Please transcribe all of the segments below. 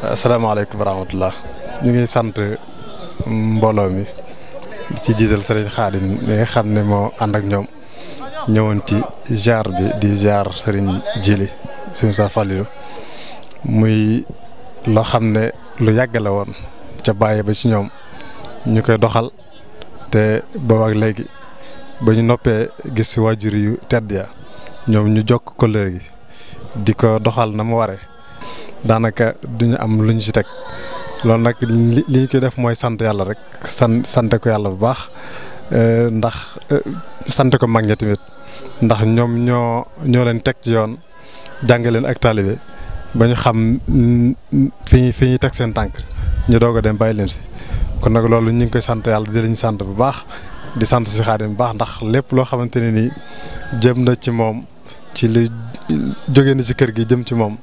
asalaamaaleykum wa rahmatulah ñu ngi sant mbooloo mi ci jiital sëriñ Xaadim mi nga xam ne moo ànd ak ñoom ñëwoon ci ziar bi di ziar sëriñ Jili sëriñ sa Falilu muy loo xam ne lu yàgg la woon ca bàyyi ba ci ñoom ñu koy doxal te booba léegi ba ñu noppee gis si waajur yu tedd ya ñoom ñu jokk ko léegi di ko doxal na mu ware daanaka duñu am lu ñu si teg loolu nag li li ñu koy def mooy sant yàlla rek san sante ko yàlla bu baax euh, ndax euh, sant ko mag ña tamit ndax ñoom ñoo ñoo leen teg ci yoon jàngaleen ak taalibe ba ñu xam fi ñu fi ñu teg seen tànk ñu doog a dem bàyyi leen fi kon nag loolu ñu koy sant yàlla di leen sant bu baax di sant si Xaadim bu baax ndax lépp loo xamante ne nii jëm na ci moom. ci li jóge na ci kër gi jëm ci moom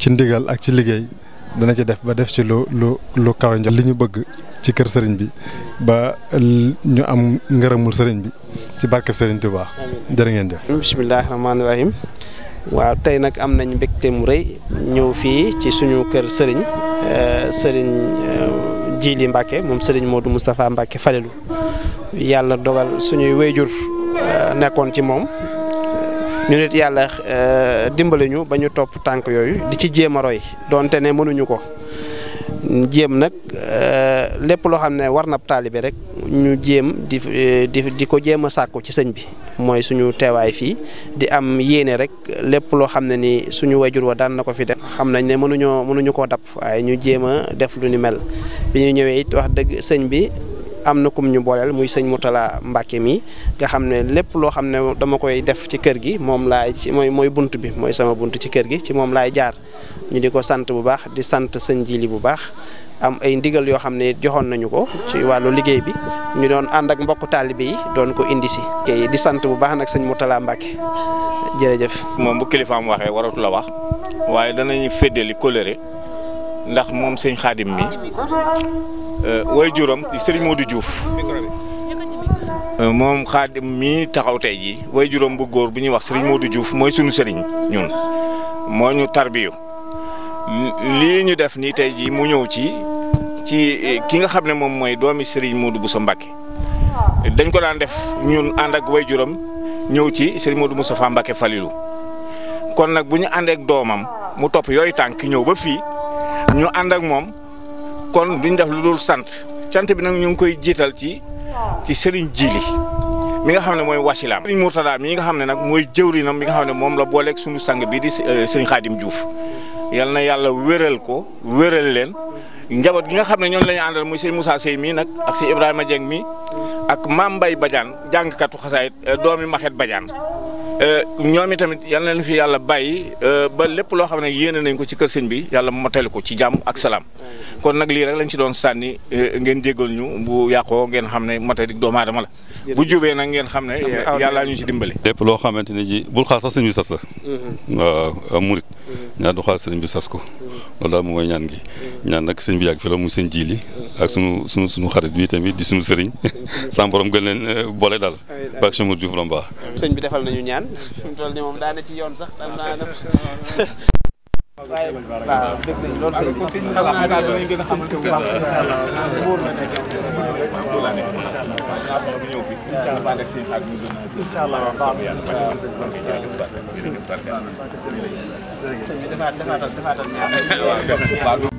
ci ndigal ak ci liggéey dana ci def ba def ci lu lu lu kawe njox li ñu bëgg ci kër sëriñ bi ba ñu am ngërëmul sëriñ bi ci barkeb sëriñ Tuubaa jërë ngeen jëf bismillaahi rahmaani waaw tey nag am nañ mbégte mu rëy ñëw fii ci suñu kër sëriñ eh, sëriñ eh, Jili Mbàkke moom sëriñ Modou Moustapha Mbàkke Falelu yàlla dogal suñuy wéyjur eh, nekkoon ci moom ñu nit yàlla euh, dimbali ñu ba ñu topp tànk yooyu di ci jéem a roy donte ne mënuñu ko jéem nag euh, lépp loo xam ne war na taalibe rek ñu jéem di euh, di di ko jéem a sàkku ci sëñ bi mooy suñu teewaay fii di am yéene rek lépp loo xam ne ni suñu wajur wa daan na ko fi def xam nañ ne mënuñoo mënuñu koo dab waaye ñu jéem a def lu ni mel bi ñu ñëwee it wax dëgg sëñ bi. am na kum ñu booleel muy sëñ Moutala Mbacke mi nga xam ne lépp loo xam ne dama koy def ci kër gi moom laay ci mooy mooy bunt bi mooy sama bunt ci kër gi ci moom laay jaar ñu di ko sant bu baax di sant sëñ Jili bu baax. am ay ndigal yoo xam ne joxoon nañu ko ci wàllu liggéey bi ñu doon ànd ak mbokk taalibe yi doon ko indi si. kay di sant bu baax nag sëñ Moutala Mbacke jërëjëf. moom bu kilifaam waxee waratu la wax waaye danañu féddali coloré ndax moom sëñ xaadim mi Euh, way juram sëriñ Modou juuf euh, moom xaadim mi taxaw tey jii way juróom bu góor bu ñuy wax sëriñ du juuf mooy sunu sëriñ ñun moo ñu tarbiyu lii ñu def nii tey jii mu ñëw ci ci ki nga xam ne moom mooy doomi sëriñ Modou Bousso Mbacké dañ ko daan def ñun ànd ak way juróom ñëw ci sëriñ Modou Moustapha Mbacké Falilou kon nag bu ñu ànd doomam mu topp yooyu tànk ñëw ba fii ñu ànd moom kon ñu def lu dul sant sant bi nag ñu ngi koy jiital ci ci Serigne Djily mi nga xam ne mooy wasilaam Serigne mi mi nga xam ne nag mooy jëwrinam mi nga xam ne moom la booleeg suñu sang bii di eh, Serigne Khadim Diouf yal na yàlla wéral ko wéral leen njaboot gi nga xam ne ñoom la ñu àndal muy Serigne Sey mii nag ak si Ibrahima Dieng mi ak Mame Mbaye Badiane jàngkatu xasaayit eh, doomi Maxet Badiane Euh, ñoom tamit yal na leen fi yàlla bàyyi euh, ba lépp loo xam ne yéene nañ ko ci kër sëñ bi yàlla motali ko ci jàmm ak salaam kon nag lii rek lañ ci doon sànni euh, ngeen jéggal ñu bu yàqoo ngeen xam ne motali doomu aadama la bu jubee nag ngeen xam ne yàllaa ñu ci dimbali. lépp loo xamante ne ji bul xaar sax sëñ bi sas la. Mm-hmm. waaw murit mm-hmm. ñaar du xaar sëñ bi sas ko mm-hmm. loolu daal moom mooy ñaan gi ñaan nag sëñ bi yàgg fi la muy seen jiili ak sunu sunu sunu xarit bii tamit di sunu sëriñ sam borom gën leen boole daal bak sëñ bi defal nañu ñaan fi mu toll nii moom daana ci yoon sax dam naa na waaye waaw dëgg la loolu sëñ bi xam naa danañ gën a xamante bu baax incha allah wóor na nekk la nekk incha allah waaw ñëw fi incha allah ak seen ak ñu gën a incha allah waaw sëñ bi defaatal defaatal ñaan